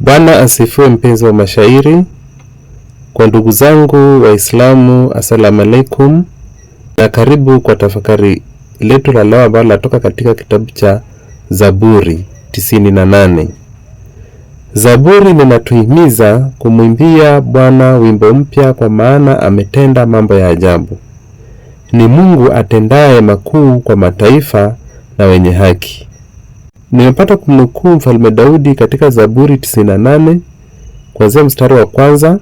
Bwana asifiwe, mpenzi wa mashairi. Kwa ndugu zangu Waislamu, assalamu alaikum, na karibu kwa tafakari letu la leo ambalo latoka katika kitabu cha Zaburi 98. Zaburi linatuhimiza kumwimbia Bwana wimbo mpya, kwa maana ametenda mambo ya ajabu. Ni Mungu atendaye makuu kwa mataifa na wenye haki nimepata kumnukuu mfalme Daudi katika Zaburi 98 kuanzia mstari wa kwanza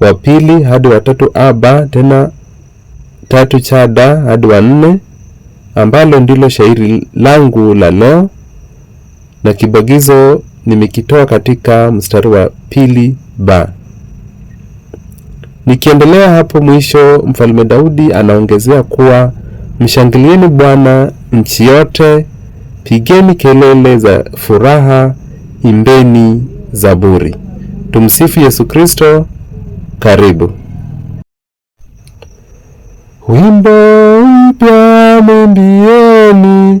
wa pili hadi wa tatu aba tena tatu cha da hadi wa nne ambalo ndilo shairi langu la leo, na kibagizo nimekitoa katika mstari wa pili ba. Nikiendelea hapo mwisho, mfalme Daudi anaongezea kuwa mshangilieni Bwana nchi yote Pigeni kelele za furaha, imbeni zaburi. Tumsifu Yesu Kristo. Karibu wimbo mpya mwimbieni,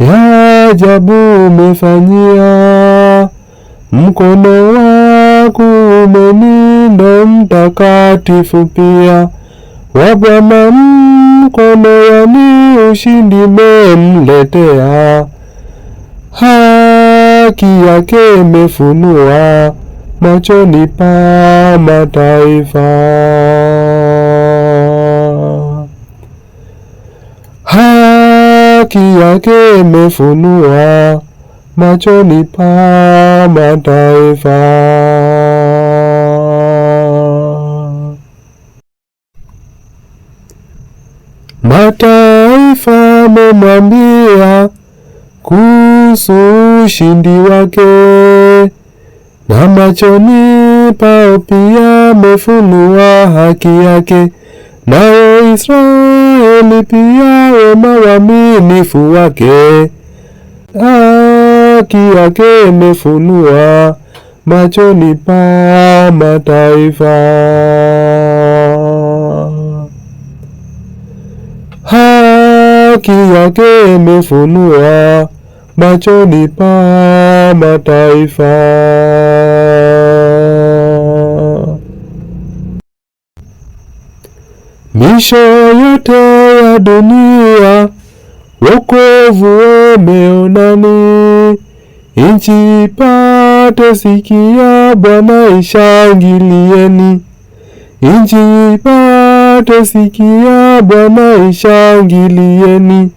ya ajabu umefanyia. Mkono wako umeninda, mtakatifu pia wabwama mkono wa ushindi memletea, haki yake imefunua machoni pa mataifa. Haki yake imefunua machoni pa mataifa. amemwambia kuhusu ushindi wake, na machoni pao pia amefunua haki yake, nao Israeli pia wema waaminifu wake haki yake imefunua machoni pa mataifa. haki yake imefunua machoni pa mataifa. Misho yote ya dunia wokovu umeonani, nchi ipate sikia, Bwana ishangilieni inji ipate sikia, Bwana ishangilieni,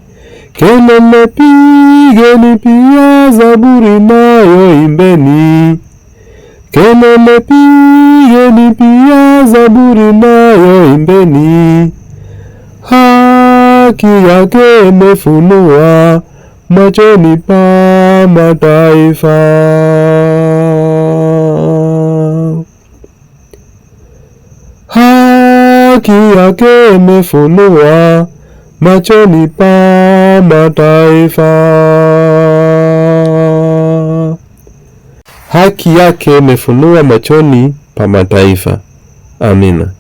kelele pigeni, pia zaburi nayo imbeni, kelele pigeni, pia zaburi nayo imbeni. Haki yake imefunua machoni pa mataifa. haki yake imefunua machoni pa mataifa. Haki yake imefunua machoni pa mataifa. Amina.